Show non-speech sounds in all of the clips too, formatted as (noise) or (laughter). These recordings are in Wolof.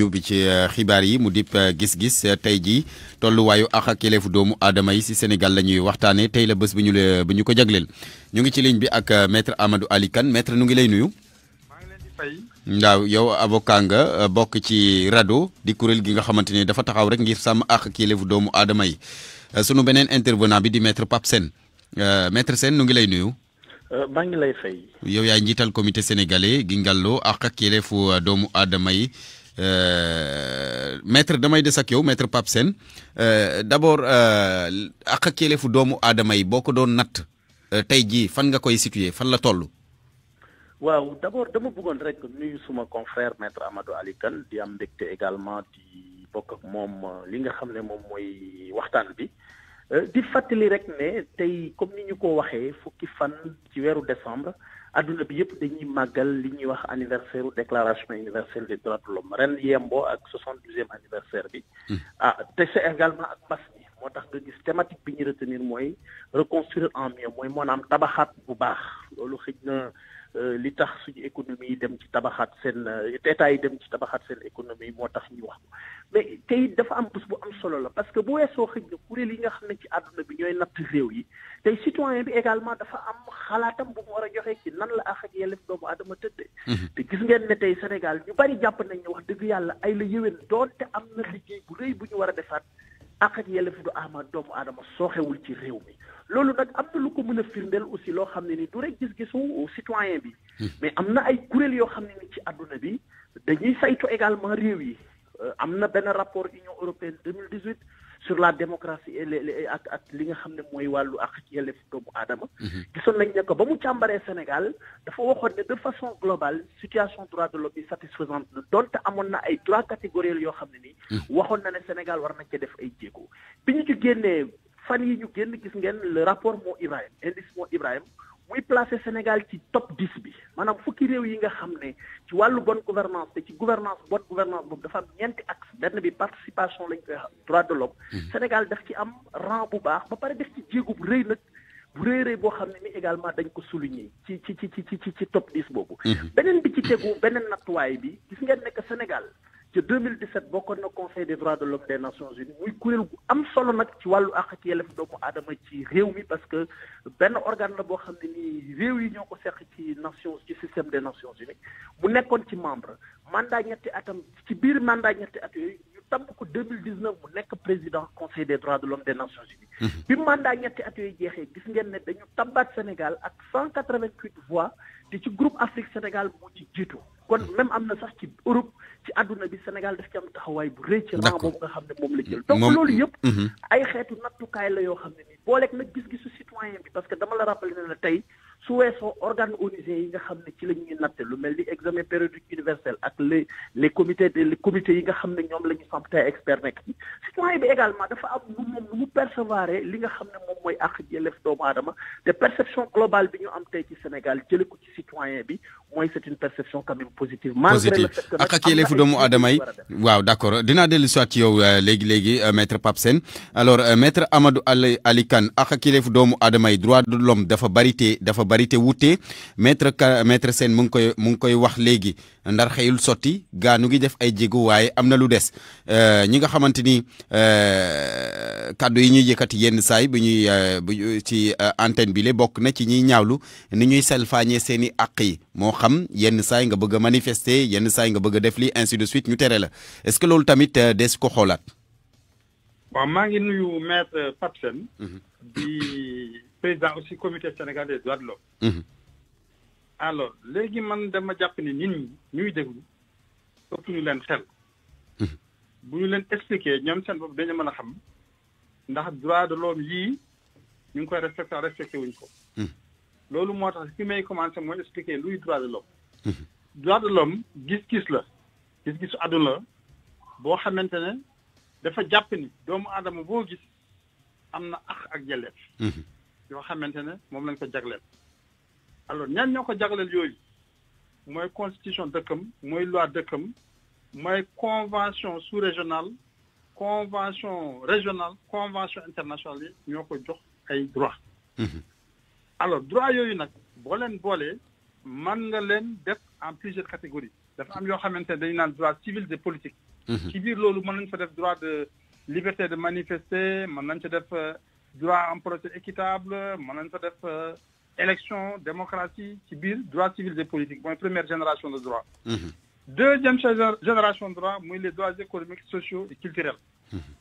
Diouf bi ci euh, xibaar yi mu dip euh, gis-gis euh, tey ji tolluwaayu ak ak doomu aadama yi si Sénégal la waxtaanee tey la bés bi ñu la ñu ko jagleel ñu ngi ci ligne bi ak maître Amadou Ali Kane maître nu ngi lay nuyu. ndaw yow avocat nga bokk ci RADDHO di kuréel gi nga xamante ni dafa taxaw rek ngir sàmm ak ak doomu adama yi sunu beneen intervenant bi di metre Pape Sène maître seen nu ngi lay nuyu. maa ngi lay fay. yow yaay njiital comité sénégalais gi ngàlloo ak doomu aadama yi. Euh, maître damay des ak yow maître Pape Sène euh, d'abord euh, ak ak doomu aadama yi boo ko doon natt tey jii fan nga koy situé fan la toll. waaw d'abord dama bëggoon rek nuyu suma confrère maître Amadou Ali Kane di am mbégte également di bokk moom li nga xam ne moom mooy waxtaan bi. di fàttali rek ne tey comme ni ñu ko waxee fukki fan ci weeru décembre. aduna bi yépp dañuy màggal li ñuy wax anniversaire u déclaration universelle des droits de l' homme ren yemboo ak 62e anniversaire bi hmm. ah te c' également ak pas bi moo tax nga gis thématique bi ñu retenir mooy reconstruire en mieux mooy moo naam tabaxaat bu baax loolu xëj na Euh, li tax suñu économie yi dem ci tabaxaat seen euh, état yi dem ci tabaxaat seen économie moo tax ñu wax mais tey dafa am bés bu am solo la parce que bu weesoo xëj na kuréel yi nga xam ne ci àdduna bi ñooy natt réew yi tey citoyen bi également dafa am xalaatam bu mu war a joxee ci nan la àq ak yelleef doomu aadama tëddee. Mhm. te gis ngeen ne tey Sénégal ñu bari jàpp nañ ne wax dëgg yàlla ay la yëwén te am na liggéey bu rëy bu ñu war a defaat àq ak yelleef ama doomu aadama sooxewul ci réew mi. loolu nag am na lu ko mën a firndeel aussi loo xam ne nii du rek gis-gisu citoyen bi mais am na ay kuréel yoo xam ne ni ci àdduna bi dañuy saytu également réew yi euh, am na benn rapport Union européenne 2018 sur la démocratie et les ak ak li nga xam ne mooy wàllu ak yelleef doomu aadama mhm. gisoon nañ ne ko ba mu càmbaree Sénégal dafa waxoon ne de façon globale situation droit de l'homme yi satisfaisante na amoon na ay trois catégories yoo xam ne nii mhm. waxoon na ne Sénégal war nañ ci def ay jéego bi ñu ci génnee fan yi ñu génn gis ngeen le rapport moo Ibrahim indice moo Ibrahim muy placé Sénégal ci top 10 bi maanaam fukki réew yi nga xam ne ci wàllu bonne gouvernance te ci gouvernance bonne gouvernance boobu dafa am ñeenti axe benn bi participation lañ koy droit de l'homme mhm. Sénégal daf ci am rang bu baax ba pare def ci jéegu bu rëy nag bu rëy rëy boo xam ne ni également dañ ko souligner ci ci ci ci ci ci top 10 boobu mhm. beneen bi ci tegu beneen nattuwaay bi gis ngeen ne que Sénégal de 2017 bokkoon na conseil des droits de l'homme des nations unies muy kuréel gu am solo nag ci wàllu àq ak yelleef doomu aadama ci réew mi parce que benn organe la boo xam ne nii réew yi ñoo ko seq ci nations ci système des nations unies mu nekkoon ci membre mandat ñetti atam ci biir mandat ñetti at yooyu tam ko 2019 mu nek président conseil des droits de l'homme des nations unies mhm. bi mandat ñetti at yooyu jeexee gis ngeen ne dañu Sénégal ak 188 voix te ci groupe Afrique Sénégal mu ci jitu kon mhm. même amna sax ci Europe ci aduna bi Sénégal daf ci am taxaway bu rëy ci rang nga xamné mom la jël donc lolu yépp mhm. ay xeetu kay la yo xamné ne nii booleeg nag gis-gisu citoyen bi parce que dama la rappelé ne la su weesoo organe onisien yi nga xamné ci lañuy naté lu melni examen périodique universel ak les les comités les comités yi nga xamné ñom ñoom la ñu samp tey expert nekk ci citoyen bi également dafa am nu moom nu mu percevoir li nga xamné mom moy ak àq doom doomu aadama perception globale bi ñu am tay ci Sénégal jële ko ci citoyen bi mooy c'est une perception quand même positive. positive ak ak yelleefu doomu aadama yi waaw d' accord dinaa dellu si yow euh, léegi léegi euh, maître Pape alors euh, maître Amadou Ali Ali Kane ak ak yelleefu doomu adamay droit de l'homme dafa barité dafa barité wouté maître maître sen mu koy mu koy wax léegi. ndar xëyul sotti gaanu ngi def ay jéego waaye am na lu des euh, ñi nga xamante ni euh, kàddu yi ñuy yëkkati yenn saay bu ñuy euh, ci antenne bi le bokk na ci ñiy ñaawlu ni ñuy salfaañee seen i àq yi moo xam yenn saay nga bëgg a yenn saay nga bëgg a def li ainsi de suite ñu tere la est-ce que loolu tamit des ko xoolaat. waaw maa ngi alors léegi man dama jàpp ni nit ñi ñuy déglu ëpp ñu leen xel. Mhm. bu ñu leen expliqué ñoom seen bopp dañu mën a xam ndax droit de l'homme yii ñu ngi koy respecté respecté wuñ ko. Mhm. loolu moo tax fi may commencé mooy expliqué luy droit de l'homme mhm. droit de l'homme gis-gis la gis-gisu àdduna boo xamante ne dafa jàpp ni doomu aadama boo gis am na ax ak jëleef. yoo xamante ne moom lañ ko jagleel. alors ñan ñoko ko jagleel moy constitution dëkkam moy loi dëkkam moy convention sous-régionale convention régionale convention internationale ñoko avons ko jox ay droit mhm. alors droit yooyu nag boo leen boolee man nga def en plusieurs catégories dafa am a un droit civil et politique Le lolu man fa droit de liberté de manifester le euh, droit à un procès équitable le droit fa euh, élection démocratie civil, droit droits civils et politiques Moi, première génération de droit mhm. deuxième génération de droit moi les droits économiques sociaux et culturels mhm.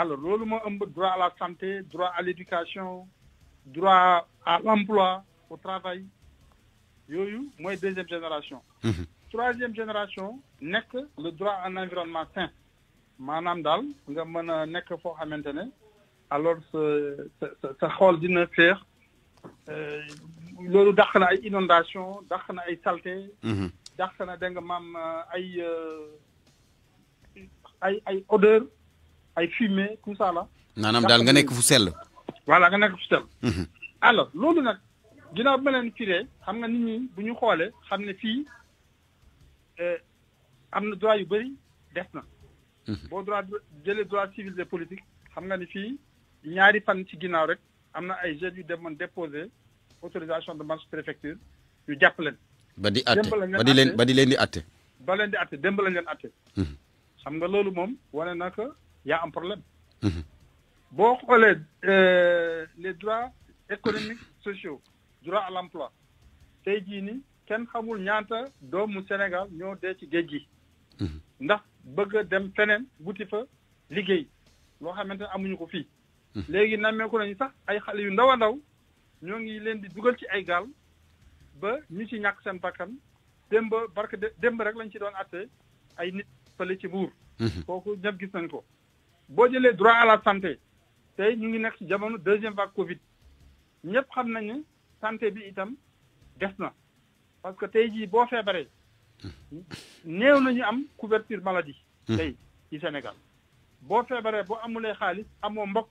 alors le droit à la santé droit à l'éducation droit à l'emploi au travail Moi, moi deuxième génération mhm. troisième génération le droit à un environnement sain Madame Dal, nga mën a alors ce rôle d'une affaire. Euh, loolu dàq na ay inondation dàq na ay salte mhm. dàq na da nga maam euh, ay euh, ay ay odeur ay fumée tout ça là. daal nga nekk fu sell. voilà nga nekk fu sell. Mhm. alors loolu nag ginaaw bi ma leen firee xam nga nit ñi bu ñu xoolee xam ne fii am na droit yu bëri des na. Mhm. boo droit jëlee droit civil et politique xam nga ni fii ñaari fan ci ginnaaw rek. amna ay jeunes yu demone déposé autorisation de marche préfecture yu jàpp leen. ba di atté ba di len ba di len di atté ba len di àtte démb len leen àtte. Hmm. xam nga loolu mom wane na que am problème. Hmm. xolé euh les droits économiques (coughs) sociaux droit à l'emploi tey ken ni kenn xamul ñaata doomu Sénégal ñoo dé ci géej hmm. ndax bëgg dem fenen wuti fa liggéey lo xamante amuñu ko fii. léegi nammeeku nañu sax ay xale yu ndaw a ndaw ñoo ngi leen di dugal ci ay gaal ba ñu ci ñàkk seen bakkan démb barke démb rek lañ ci doon atte ay nit fële ci buur mhm. kooku ñëpp gis nañ ko boo jëlee droit à la santé tey ñu ngi nekk ci jamono deuxième vague covid ñëpp xam nañu santé bi itam des na parce que tey jii boo feebaree mhm. néew nañu am couverture maladie mhm. tey ci Sénégal boo feebaree boo amulee xaalis amoo mbokk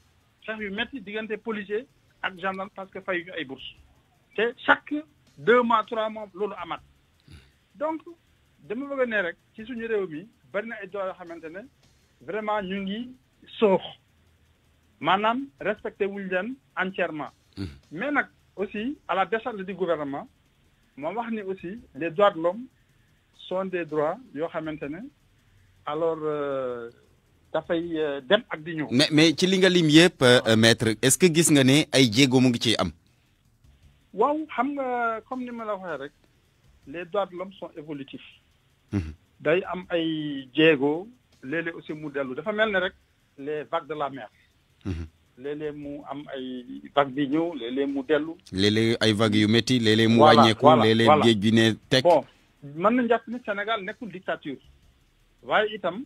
chaque métier diganté policiers policier ak gendarme parce que fayu ay bourse té chaque deux mois trois mois loolu amat donc dama bëgg né rek ci suñu réew mi bari na ay do yoo xamantene vraiment ñu ngi sox manam respecté wuñu leen entièrement hum. mais aussi à la décharge du gouvernement mo wax ni aussi les droits de l'homme sont des droits yo xamantene alors euh, dafay euh, dem ak di ñëw. mais mais ci li nga lim yëpp euh, maître est-ce que gis nga ne ay jéego mu ngi ciy am. waaw xam nga comme ni ma la waxee rek les droits de l'homme sont évolutifs. Mhm. day am ay jéego léeg aussi mu dellu dafa mel ne rek les vagues de la mer. Mhm. léeg mu am ay vagues di ñëw léeg mu dellu. léeg ay vagues yu métti léeg mu wàññeeku léeg-léeg géej gi ne teg. bon mën na jàpp Sénégal nekkul dictature waaye itam.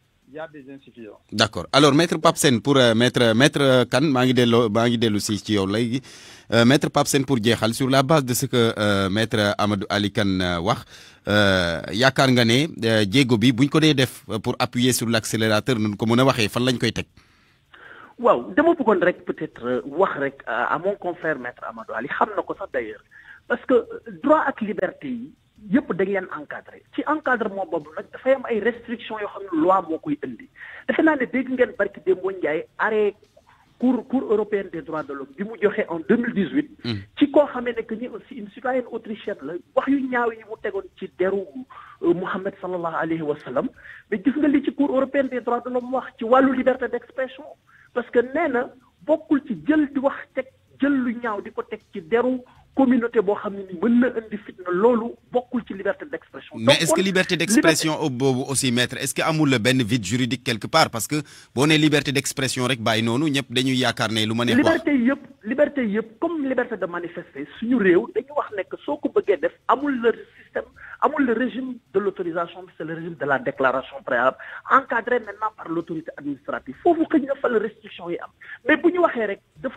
il y a des insuffisances. D'accord. Alors, Maître Papsen, pour euh, Maître, Maître euh, Kan, euh, Maître Papsen, pour Djehal, sur la base de ce que euh, Maître Amadou Ali Kan wax, yaakaar nga ne jéego bi buñ ko def pour appuyer sur l'accélérateur, accélérateur nun ko mën a waxee fan lañ koy vous waaw dama rek peut-être à mon confrère Maître Amadou Ali xam na ko sax d'ailleurs, parce que droit la liberté yëpp dañ leen encadré ci encadrement boobu nag dafay am ay restrictions yoo xam ne loi moo koy indi defe naa ne dégg ngeen barki démboo Ndiaye arrêt cour cour européenne des droits de l'homme bi mu joxe en deux mille dix-huit mm. ci koo xamee ne que ni aussi une citoyenne autrichienne la wax yu ñaaw yi mu tegoon ci deru euh, Mouhamed sallallahu alayhi wa sallam mais gis nga lii ci cour européenne des droits de l'homme wax ci wàllu liberté d'expression parce que nee na bokkul ci jël di wax teg jël lu ñaaw di ko teg ci deru communauté bo xamni ne mën na fitna lolu ci liberté d'expression mais est ce que liberté d'expression au aussi maître est ce que amul ben vide juridique quelque part parce que bo né liberté d'expression rek bàyyi noonu ñëpp dañuy yakarne ne lu liberté yëpp liberté yëpp comme liberté de manifester suñu réew dañu wax nek que soo def amul le système amul le régime de l'autorisation, c'est le régime de la déclaration préalable encadré maintenant par l'autorité administrative foofu xëy na fa la restriction yi am mais bu ñu rek.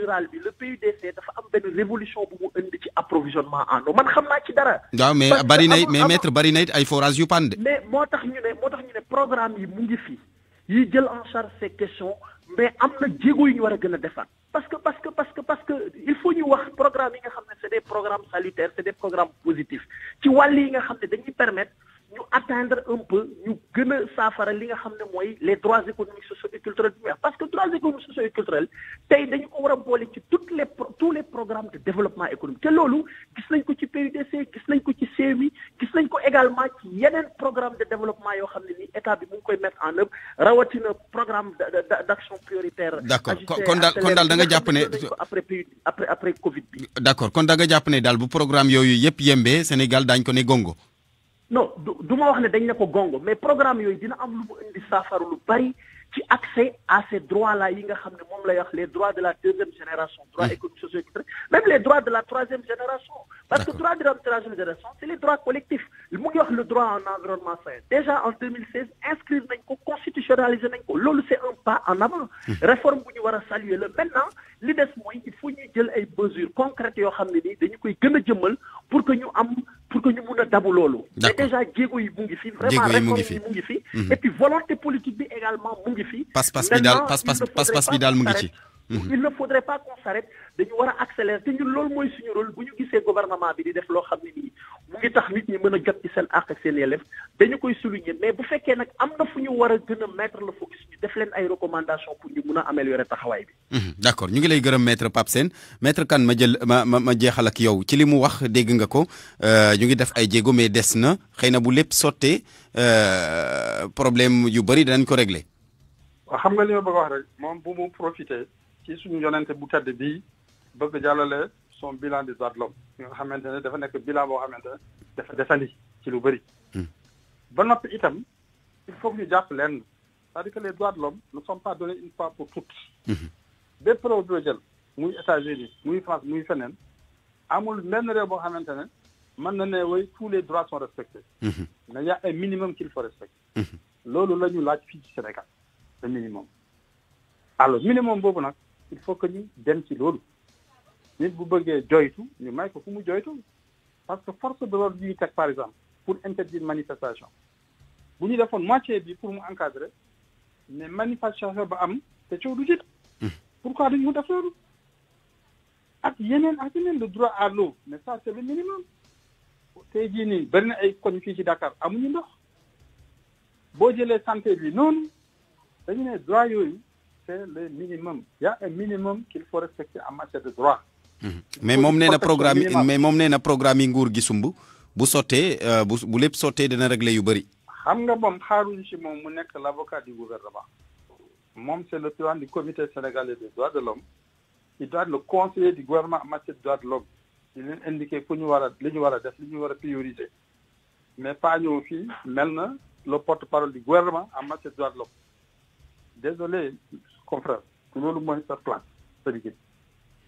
rural bi le PUDC dafa am benn révolution bu mu indi ci approvisionnement en eau man xam naa ci dara. waaw mais bari na mais maître bari na ay forage yu pande. mais moo tax ñu ne moo tax ñu ne programme yi mu ngi fi yi jël en charge ces questions mais am na jéego yu ñu war a gën a parce que parce que parce que parce que il faut ñu wax programme yi nga xam ne c'est des programmes salutaires c'est des programmes positifs ci wàll yi nga xam ne dañuy permettre ñu atteindre un peu ñu gën a saafara li nga xam ne mooy les droits économiques sociaux et culturels parce que droits économiques sociaux et culturels tey dañu ko war a boole ci toutes les tous les programmes de développement économique te loolu gis nañ ko ci PUDC gis nañ ko ci CMI gis nañ ko également ci yeneen programme de développement yoo xam ne nii état bi mu ngi koy mettre en œuvre rawatina programme d' action prioritaire. d' accord kon daal kon daal da nga jàpp ne après après après Covid bi. d' accord kon da nga jàpp ne daal bu programme yooyu yëpp yembee Sénégal daañu ko ne gongo non nous wax ne dañ ne ko gongo mais programme yooyu dina am lu mu indi lu bari ci accès à ces droits là yi nga xam les droits de la deuxième génération droits économiques etc. même les droits de la troisième génération parce que droits de la troisième génération c'est les droits collectifs mu wax le droit en environnement déjà en 2016 inscrit nañ ko constitutionnaliser nañ c'est un pas en avant mmh. réforme bu ñu war saluer la maintenant li des mooy il faut ñu jël ay mesures concrètes yoo xam koy jëmmal pour que nous am pour que nous mun a dabu déjà Diego yi vraiment réforme mhm. et puis volonté politique également mu Passe fi. pas-pas passe pas-pas il ne faudrait pas qu'on s'arrête dañu war a accélérer te ñun loolu mooy suñu rôle bu ñu gisee gouvernement bi di def loo xam ne nii mu ngi tax nit ñi mën a jot ci seen àq ak seen yelleef dañu koy souligner mais bu fekkee nag am na fu ñu war a gën a mettre le focus ñu def leen ay recommandation pour ñu mun a améliorer taxawaay bi. d' accord ñu ngi lay gërëm maître Pape Sène kan ma jël ma ma ma jeexal ak yow ci li mu wax dégg nga ko euh, ñu ngi def ay jéego mais des na xëy na bu lépp sottee euh, problème yu bëri danañ ko régler. xam nga li ma bëgg a wax bu mu profité bëgg jàllale son bilan des droits de l'homme nga xamante ne dafa nekk bilan boo xamante ne dafa desandi ci lu bëri. Hmm. ba noppi itam il faut que ñu jàpp lenn c'est-à-dire que les droits de l'homme ne sont pas donnés une fois pour toutes. bépp réew bi jël muy États-Unis muy France muy feneen amul lenn réew boo xamante ne mën na ne way tous les droits sont respectés. Hmm. mais y a un minimum qu'il faut respecter. Hmm. loolu la ñu laaj fii ci Sénégal le minimum alors minimum boobu nag il faut que ñu dem ci loolu nit bu bëggee joytu ñu may ko fu mu joytu parce que force de l'ordre yi teg par exemple pour interdire manifestation bu ñu defoon moitié bi pour mu encadrer mais manifestation ba am te coow du jit hmm. pourquoi duñ mu def loolu ak yeneen ak yeneen le droit à l'eau mais ça c'est le minimum tey jii nii bari na ay koñ fii ci Dakar amuñu ndox boo jëlee santé bi noonu dañu ne droit yooyu c'est le minimum y a un minimum qu'il faut respecter en matière de droit Mhm. mais moom nee na programme mais moom nee na programme i nguur gi sumb bu sottee euh, bu bu lépp sottee dina régler yu bëri. xam nga moom xaaruñ si moom mu nekk l' avocat du gouvernement moom se est le président du comité sénégalais des droits de l'homme il doit le conseiller du gouvernement en matière de droits de l'homme di leen indiqué fu ñu war a li ñu war a def li ñu war a prioriser mais pas ñëw fii mel na le porte parole du gouvernement en matière de droits de l'homme désolé confrère loolu mooy sa place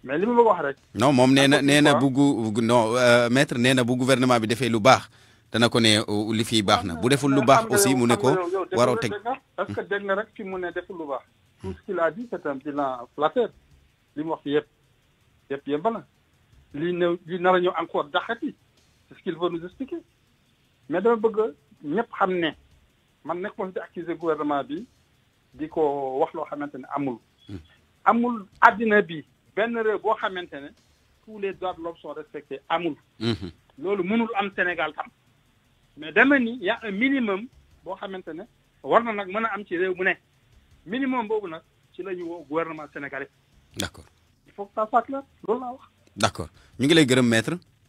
mais li bëgg wax rek. non moom nee na nee na bugg non euh, maître nee na bu gouvernement bi defee lu baax dana ko ne li fii baax na bu deful lu baax aussi mu ne ko waroo teg. est-ce que dégg nga rek fi mu ne deful lu baax. tout ce qu'il a dit c'est un bilan flatteur li mu wax yëpp yëpp yëpp na li ne li nar a ñëw encore daxati c'est ce qu'il veut nous expliquer mais dama bëgg ñëpp xam ne man nekk moom di accuser gouvernement bi di ko wax loo xamante ne amul. Hmm. amul àddina bi benn réew boo xamante ne tous les droits de l'homme sont respectés amul mhm. loolu mënul am Sénégal tam mais dama ni y a un minimum boo xamante ne war na nag mën a am ci réew mu ne minimum boobu nag ci la ñu woo gouvernement sénégalais d'accord il faut que ça soit clair loolu laa wax d'accord ñu ngi lay gërëm maître